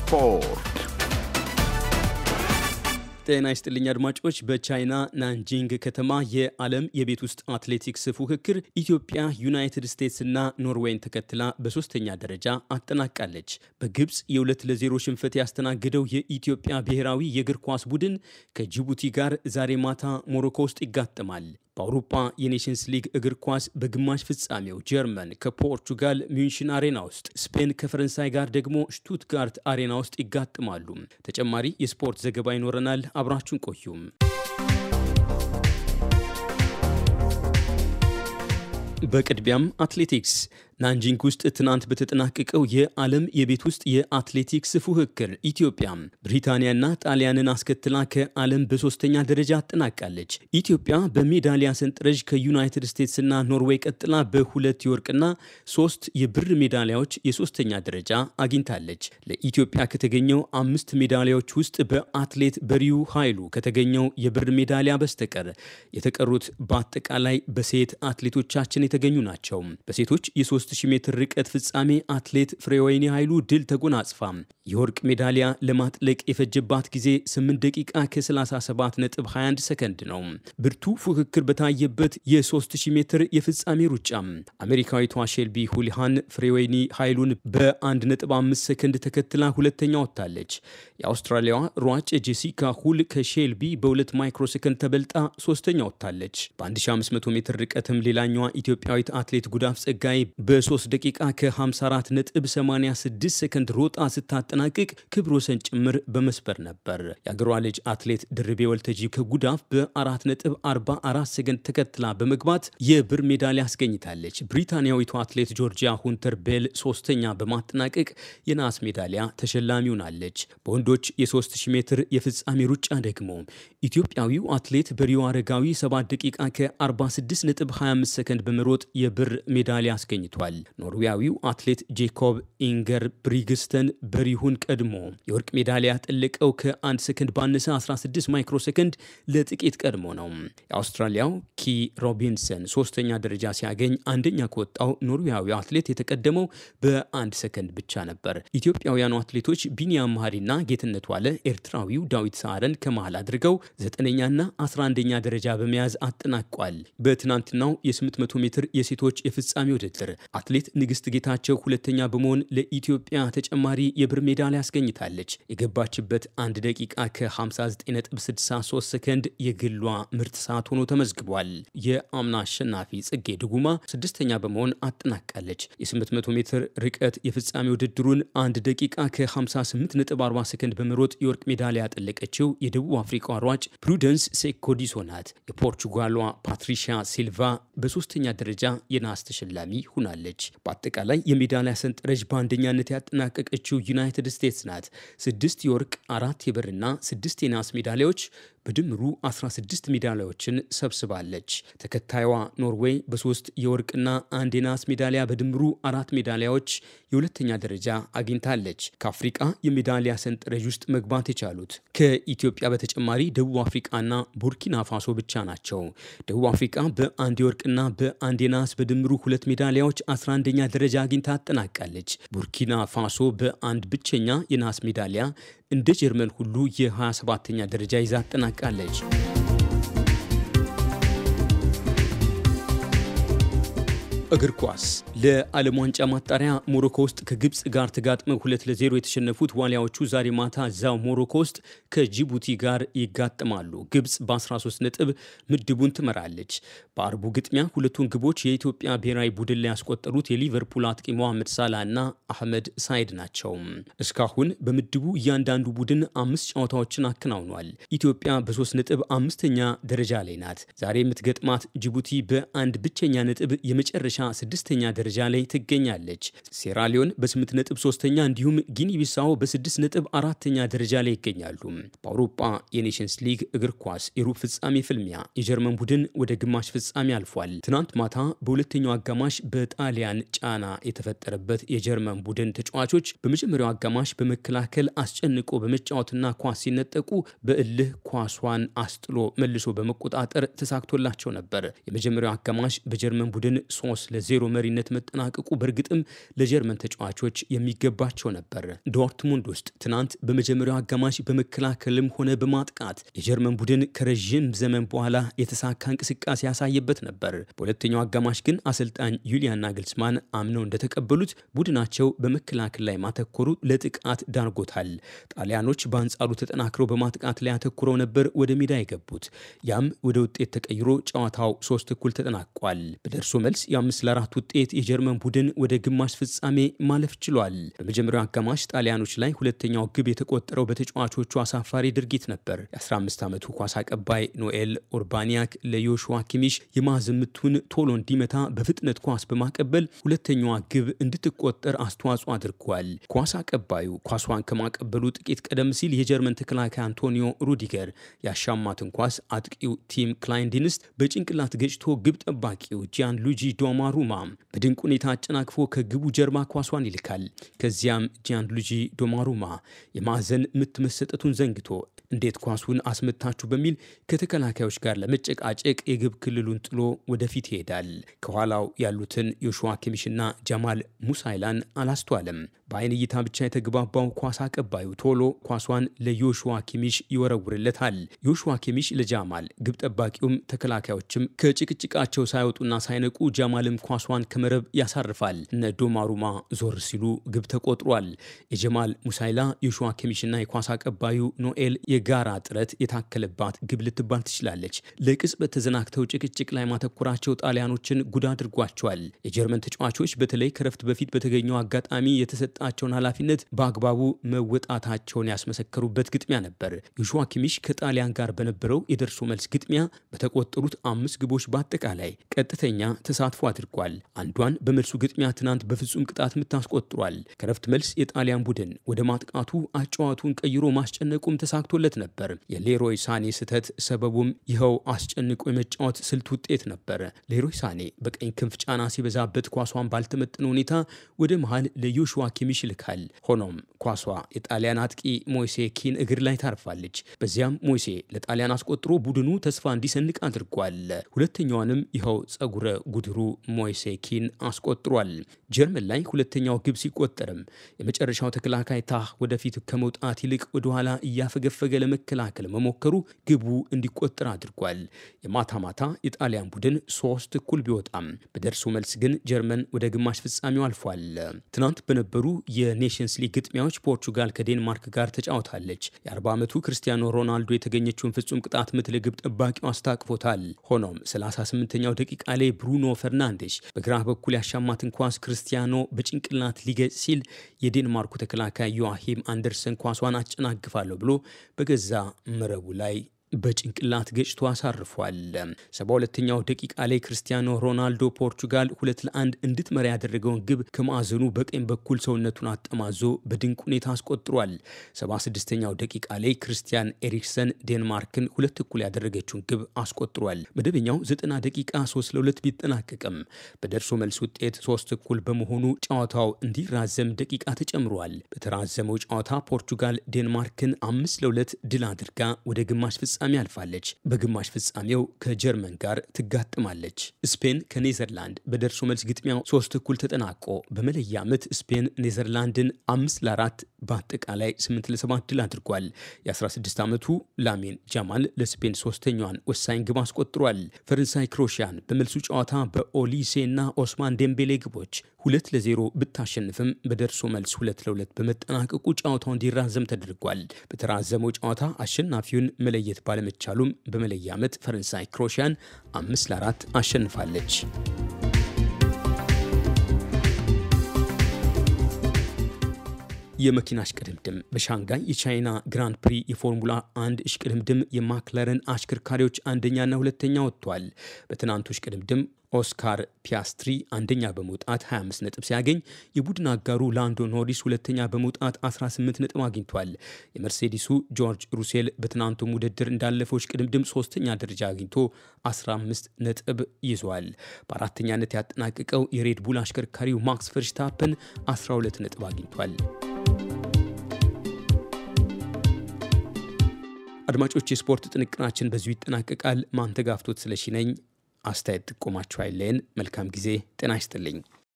ስፖርት ጤና ይስጥልኝ አድማጮች። በቻይና ናንጂንግ ከተማ የዓለም የቤት ውስጥ አትሌቲክስ ፉክክር ኢትዮጵያ፣ ዩናይትድ ስቴትስ እና ኖርዌይን ተከትላ በሶስተኛ ደረጃ አጠናቃለች። በግብፅ የሁለት ለዜሮ ሽንፈት ያስተናገደው የኢትዮጵያ ብሔራዊ የእግር ኳስ ቡድን ከጅቡቲ ጋር ዛሬ ማታ ሞሮኮ ውስጥ ይጋጥማል። በአውሮፓ የኔሽንስ ሊግ እግር ኳስ በግማሽ ፍጻሜው ጀርመን ከፖርቹጋል ሚንሽን አሬና ውስጥ፣ ስፔን ከፈረንሳይ ጋር ደግሞ ሽቱትጋርት አሬና ውስጥ ይጋጥማሉ። ተጨማሪ የስፖርት ዘገባ ይኖረናል። አብራችሁን ቆዩም። በቅድሚያም አትሌቲክስ ናንጂንግ ውስጥ ትናንት በተጠናቀቀው የዓለም የቤት ውስጥ የአትሌቲክስ ፉክክር ኢትዮጵያ ብሪታንያና ጣሊያንን አስከትላ ከዓለም በሶስተኛ ደረጃ አጠናቃለች። ኢትዮጵያ በሜዳሊያ ሰንጠረዥ ከዩናይትድ ስቴትስና ኖርዌይ ቀጥላ በሁለት የወርቅና ሶስት የብር ሜዳሊያዎች የሶስተኛ ደረጃ አግኝታለች። ለኢትዮጵያ ከተገኘው አምስት ሜዳሊያዎች ውስጥ በአትሌት በሪዩ ኃይሉ ከተገኘው የብር ሜዳሊያ በስተቀር የተቀሩት በአጠቃላይ በሴት አትሌቶቻችን የተገኙ ናቸው። በሴቶች የሶስት 3000 ሜትር ርቀት ፍጻሜ አትሌት ፍሬወይኒ ኃይሉ ድል ተጎናጽፋ የወርቅ ሜዳሊያ ለማጥለቅ የፈጀባት ጊዜ 8 ደቂቃ ከ 21 ሰከንድ ነው። ብርቱ ፉክክር በታየበት የ3000 ሜትር የፍጻሜ ሩጫ አሜሪካዊቷ ሼልቢ ሁሊሃን ፍሬወይኒ ኃይሉን በ1.5 ሰከንድ ተከትላ ሁለተኛ ወጥታለች። የአውስትራሊያዋ ሯጭ ጄሲካ ሁል ከሼልቢ በ2 ማይክሮሰከንድ ተበልጣ ሶስተኛ ወጥታለች። በ1500 ሜትር ርቀትም ሌላኛዋ ኢትዮጵያዊት አትሌት ጉዳፍ ጸጋይ በ በሶስት ደቂቃ ከ54 ነጥብ 86 ሰከንድ ሮጣ ስታጠናቅቅ ክብረ ወሰን ጭምር በመስበር ነበር። የአገሯ ልጅ አትሌት ድርቤ ወልተጂ ከጉዳፍ በ4 ነጥብ 44 ሰከንድ ተከትላ በመግባት የብር ሜዳሊያ አስገኝታለች። ብሪታንያዊቱ አትሌት ጆርጂያ ሁንተር ቤል ሶስተኛ በማጠናቀቅ የናስ ሜዳሊያ ተሸላሚ ሆናለች። በወንዶች የ3000 ሜትር የፍጻሜ ሩጫ ደግሞ ኢትዮጵያዊው አትሌት በሪዮ አረጋዊ 7 ደቂቃ ከ46 ነጥብ 25 ሰከንድ በመሮጥ የብር ሜዳሊያ አስገኝቷል። ተጫውቷል። ኖርዌያዊው አትሌት ጄኮብ ኢንገር ብሪግስተን በሪሁን ቀድሞ የወርቅ ሜዳሊያ ጥልቀው ከአንድ ሰከንድ ባነሰ 16 ማይክሮ ሰከንድ ለጥቂት ቀድሞ ነው። የአውስትራሊያው ኪ ሮቢንሰን ሶስተኛ ደረጃ ሲያገኝ አንደኛ ከወጣው ኖርዌያዊው አትሌት የተቀደመው በአንድ ሰከንድ ብቻ ነበር። ኢትዮጵያውያኑ አትሌቶች ቢኒያም መሀሪና ጌትነት ዋለ ኤርትራዊው ዳዊት ሰዓረን ከመሃል አድርገው ዘጠነኛና 11ኛ ደረጃ በመያዝ አጠናቋል። በትናንትናው የ800 ሜትር የሴቶች የፍጻሜ ውድድር አትሌት ንግስት ጌታቸው ሁለተኛ በመሆን ለኢትዮጵያ ተጨማሪ የብር ሜዳሊያ አስገኝታለች። የገባችበት 1 ደቂቃ ከ59.63 ሰከንድ የግሏ ምርት ሰዓት ሆኖ ተመዝግቧል። የአምና አሸናፊ ጽጌ ድጉማ ስድስተኛ በመሆን አጠናቃለች። የ800 ሜትር ርቀት የፍጻሜ ውድድሩን 1 ደቂቃ ከ58.40 ሰከንድ በመሮጥ የወርቅ ሜዳሊያ ያጠለቀችው የደቡብ አፍሪካ ሯጭ ፕሩደንስ ሴኮዲሶ ናት። የፖርቹጋሏ ፓትሪሺያ ሲልቫ በሶስተኛ ደረጃ የናስ ተሸላሚ ሁናል። አድርጋለች። በአጠቃላይ የሜዳሊያ ሰንጠረዥ በአንደኛነት ያጠናቀቀችው ዩናይትድ ስቴትስ ናት። ስድስት የወርቅ አራት የብርና ስድስት የናስ ሜዳሊያዎች በድምሩ 16 ሜዳሊያዎችን ሰብስባለች። ተከታይዋ ኖርዌይ በሶስት የወርቅና አንድ የናስ ሜዳሊያ በድምሩ አራት ሜዳሊያዎች የሁለተኛ ደረጃ አግኝታለች። ከአፍሪቃ የሜዳሊያ ሰንጠረዥ ውስጥ መግባት የቻሉት ከኢትዮጵያ በተጨማሪ ደቡብ አፍሪቃና ቡርኪና ፋሶ ብቻ ናቸው። ደቡብ አፍሪቃ በአንድ የወርቅና በአንድ የናስ በድምሩ ሁለት ሜዳሊያዎች 11ኛ ደረጃ አግኝታ አጠናቃለች። ቡርኪና ፋሶ በአንድ ብቸኛ የናስ ሜዳሊያ እንደ ጀርመን ሁሉ የ 27 ተኛ ደረጃ ይዛ አጠናቃለች። እግር ኳስ ለዓለም ዋንጫ ማጣሪያ ሞሮኮ ውስጥ ከግብፅ ጋር ተጋጥመው ሁለት ለዜሮ የተሸነፉት ዋሊያዎቹ ዛሬ ማታ እዛው ሞሮኮ ውስጥ ከጅቡቲ ጋር ይጋጥማሉ። ግብፅ በ13 ነጥብ ምድቡን ትመራለች። በአርቡ ግጥሚያ ሁለቱን ግቦች የኢትዮጵያ ብሔራዊ ቡድን ላይ ያስቆጠሩት የሊቨርፑል አጥቂ መሐመድ ሳላ እና አህመድ ሳይድ ናቸው። እስካሁን በምድቡ እያንዳንዱ ቡድን አምስት ጨዋታዎችን አከናውኗል። ኢትዮጵያ በ3 ነጥብ አምስተኛ ደረጃ ላይ ናት። ዛሬ የምትገጥማት ጅቡቲ በአንድ ብቸኛ ነጥብ የመጨረሻ ስድስተኛ ደረጃ ላይ ትገኛለች። ሴራሊዮን በስምንት ነጥብ ሶስተኛ እንዲሁም ጊኒ ቢሳው በስድስት ነጥብ አራተኛ ደረጃ ላይ ይገኛሉ። በአውሮፓ የኔሽንስ ሊግ እግር ኳስ የሩብ ፍጻሜ ፍልሚያ የጀርመን ቡድን ወደ ግማሽ ፍጻሜ አልፏል። ትናንት ማታ በሁለተኛው አጋማሽ በጣሊያን ጫና የተፈጠረበት የጀርመን ቡድን ተጫዋቾች በመጀመሪያው አጋማሽ በመከላከል አስጨንቆ በመጫወትና ኳስ ሲነጠቁ በእልህ ኳሷን አስጥሎ መልሶ በመቆጣጠር ተሳክቶላቸው ነበር። የመጀመሪያው አጋማሽ በጀርመን ቡድን ሶስት ለዜሮ መሪነት መጠናቀቁ በእርግጥም ለጀርመን ተጫዋቾች የሚገባቸው ነበር። ዶርትሙንድ ውስጥ ትናንት በመጀመሪያው አጋማሽ በመከላከልም ሆነ በማጥቃት የጀርመን ቡድን ከረዥም ዘመን በኋላ የተሳካ እንቅስቃሴ ያሳየበት ነበር። በሁለተኛው አጋማሽ ግን አሰልጣኝ ዩሊያን ናግልስማን አምነው እንደተቀበሉት ቡድናቸው በመከላከል ላይ ማተኮሩ ለጥቃት ዳርጎታል። ጣሊያኖች በአንጻሩ ተጠናክረው በማጥቃት ላይ አተኩረው ነበር ወደ ሜዳ የገቡት። ያም ወደ ውጤት ተቀይሮ ጨዋታው ሶስት እኩል ተጠናቋል። በደርሶ መልስ የአምስት አምስት ለአራት ውጤት የጀርመን ቡድን ወደ ግማሽ ፍጻሜ ማለፍ ችሏል። በመጀመሪያው አጋማሽ ጣሊያኖች ላይ ሁለተኛው ግብ የተቆጠረው በተጫዋቾቹ አሳፋሪ ድርጊት ነበር። የ15 ዓመቱ ኳስ አቀባይ ኖኤል ኦርባኒያክ ለዮሹዋ ኪሚሽ የማዘምቱን ቶሎ እንዲመታ በፍጥነት ኳስ በማቀበል ሁለተኛዋ ግብ እንድትቆጠር አስተዋጽኦ አድርጓል። ኳስ አቀባዩ ኳሷን ከማቀበሉ ጥቂት ቀደም ሲል የጀርመን ተከላካይ አንቶኒዮ ሩዲገር ያሻማትን ኳስ አጥቂው ቲም ክላይንዲንስት በጭንቅላት ገጭቶ ግብ ጠባቂው ጂያን ሉጂ ዶማ ዶማሩማ በድንቅ ሁኔታ አጨናግፎ ከግቡ ጀርባ ኳሷን ይልካል። ከዚያም ጂያንሉጂ ዶናሩማ የማዕዘን ምት መሰጠቱን ዘንግቶ እንዴት ኳሱን አስመታችሁ በሚል ከተከላካዮች ጋር ለመጨቃጨቅ የግብ ክልሉን ጥሎ ወደፊት ይሄዳል። ከኋላው ያሉትን ዮሹዋ ኬሚሽና ጃማል ሙሳይላን አላስተዋለም። በአይን እይታ ብቻ የተግባባው ኳስ አቀባዩ ቶሎ ኳሷን ለዮሹዋ ኬሚሽ ይወረውርለታል። ዮሹዋ ኬሚሽ ለጃማል፣ ግብ ጠባቂውም ተከላካዮችም ከጭቅጭቃቸው ሳይወጡና ሳይነቁ ጃማልም ኳሷን ከመረብ ያሳርፋል። እነ ዶማሩማ ዞር ሲሉ ግብ ተቆጥሯል። የጀማል ሙሳይላ ዮሹዋ ኬሚሽና የኳስ አቀባዩ ኖኤል የጋራ ጥረት የታከለባት ግብ ልትባል ትችላለች። ለቅጽበት ተዘናግተው ጭቅጭቅ ላይ ማተኮራቸው ጣሊያኖችን ጉዳ አድርጓቸዋል። የጀርመን ተጫዋቾች በተለይ ከረፍት በፊት በተገኘው አጋጣሚ የተሰጣቸውን ኃላፊነት በአግባቡ መወጣታቸውን ያስመሰከሩበት ግጥሚያ ነበር። ዮሹዋ ኪሚሽ ከጣሊያን ጋር በነበረው የደርሶ መልስ ግጥሚያ በተቆጠሩት አምስት ግቦች በአጠቃላይ ቀጥተኛ ተሳትፎ አድርጓል። አንዷን በመልሱ ግጥሚያ ትናንት በፍጹም ቅጣት ምት አስቆጥሯል። ከረፍት መልስ የጣሊያን ቡድን ወደ ማጥቃቱ አጨዋቱን ቀይሮ ማስጨነቁም ተሳክቶለት ተደርሶበት ነበር። የሌሮይ ሳኔ ስህተት ሰበቡም ይኸው አስጨንቆ የመጫወት ስልት ውጤት ነበር። ሌሮይ ሳኔ በቀኝ ክንፍ ጫና ሲበዛበት ኳሷን ባልተመጠነ ሁኔታ ወደ መሃል ለዮሹዋ ኪሚሽ ይልካል። ሆኖም ኳሷ የጣሊያን አጥቂ ሞይሴ ኪን እግር ላይ ታርፋለች። በዚያም ሞይሴ ለጣሊያን አስቆጥሮ ቡድኑ ተስፋ እንዲሰንቅ አድርጓል። ሁለተኛዋንም ይኸው ጸጉረ ጉድሩ ሞይሴ ኪን አስቆጥሯል። ጀርመን ላይ ሁለተኛው ግብ ሲቆጠርም የመጨረሻው ተከላካይ ታህ ወደፊት ከመውጣት ይልቅ ወደኋላ እያፈገፈገ ለመከላከል መሞከሩ ግቡ እንዲቆጠር አድርጓል። የማታ ማታ የጣሊያን ቡድን ሶስት እኩል ቢወጣም በደርሶ መልስ ግን ጀርመን ወደ ግማሽ ፍጻሜው አልፏል። ትናንት በነበሩ የኔሽንስ ሊግ ግጥሚያዎች ፖርቹጋል ከዴንማርክ ጋር ተጫውታለች። የ40 ዓመቱ ክርስቲያኖ ሮናልዶ የተገኘችውን ፍጹም ቅጣት ምት ለግብ ጠባቂው አስታቅፎታል። ሆኖም 38ኛው ደቂቃ ላይ ብሩኖ ፈርናንዴሽ በግራ በኩል ያሻማትን ኳስ ክርስቲያኖ በጭንቅላት ሊገጽ ሲል የዴንማርኩ ተከላካይ ዮዋሂም አንደርሰን ኳሷን አጨናግፋለሁ ብሎ በ በገዛ መረቡ ላይ በጭንቅላት ገጭቶ አሳርፏል። ሰባ ሁለተኛው ደቂቃ ላይ ክርስቲያኖ ሮናልዶ ፖርቹጋል ሁለት ለአንድ እንድትመራ ያደረገውን ግብ ከማዕዘኑ በቀኝ በኩል ሰውነቱን አጠማዞ በድንቅ ሁኔታ አስቆጥሯል። ሰባ ስድስተኛው ደቂቃ ላይ ክርስቲያን ኤሪክሰን ዴንማርክን ሁለት እኩል ያደረገችውን ግብ አስቆጥሯል። መደበኛው ዘጠና ደቂቃ ሶስት ለሁለት ቢጠናቀቅም በደርሶ መልስ ውጤት ሶስት እኩል በመሆኑ ጨዋታው እንዲራዘም ደቂቃ ተጨምሯል። በተራዘመው ጨዋታ ፖርቹጋል ዴንማርክን አምስት ለሁለት ድል አድርጋ ወደ ግማሽ ፍጻሜ ፍጻሜ አልፋለች። በግማሽ ፍጻሜው ከጀርመን ጋር ትጋጥማለች። ስፔን ከኔዘርላንድ በደርሶ መልስ ግጥሚያው ሶስት እኩል ተጠናቆ በመለያ ምት ስፔን ኔዘርላንድን አምስት ለአራት በአጠቃላይ ስምንት ለሰባት ድል አድርጓል። የ16 ዓመቱ ላሚን ጃማል ለስፔን ሶስተኛዋን ወሳኝ ግብ አስቆጥሯል። ፈረንሳይ ክሮሽያን በመልሱ ጨዋታ በኦሊሴ እና ኦስማን ዴምቤሌ ግቦች ሁለት ለዜሮ ብታሸንፍም በደርሶ መልስ ሁለት ለሁለት በመጠናቀቁ ጨዋታው እንዲራዘም ተደርጓል። በተራዘመው ጨዋታ አሸናፊውን መለየት ባለመቻሉም በመለያ ዓመት ፈረንሳይ ክሮሽያን አምስት ለአራት አሸንፋለች። የመኪና እሽቅድምድም በሻንጋይ የቻይና ግራንድ ፕሪ የፎርሙላ አንድ እሽቅድምድም የማክለረን አሽከርካሪዎች አንደኛና ሁለተኛ ወጥቷል። በትናንቱ እሽቅድምድም ኦስካር ፒያስትሪ አንደኛ በመውጣት 25 ነጥብ ሲያገኝ የቡድን አጋሩ ላንዶ ኖሪስ ሁለተኛ በመውጣት 18 ነጥብ አግኝቷል። የመርሴዲሱ ጆርጅ ሩሴል በትናንቱም ውድድር እንዳለፈው እሽቅድምድም ሶስተኛ ደረጃ አግኝቶ 15 ነጥብ ይዟል። በአራተኛነት ያጠናቀቀው የሬድቡል አሽከርካሪው ማክስ ፈርሽታፕን 12 ነጥብ አግኝቷል። አድማጮች፣ የስፖርት ጥንቅናችን በዚሁ ይጠናቀቃል። ማንተጋፍቶት ስለሺ ነኝ። አስተያየት ጥቆማችሁ አይለየን። መልካም ጊዜ። ጤና ይስጥልኝ።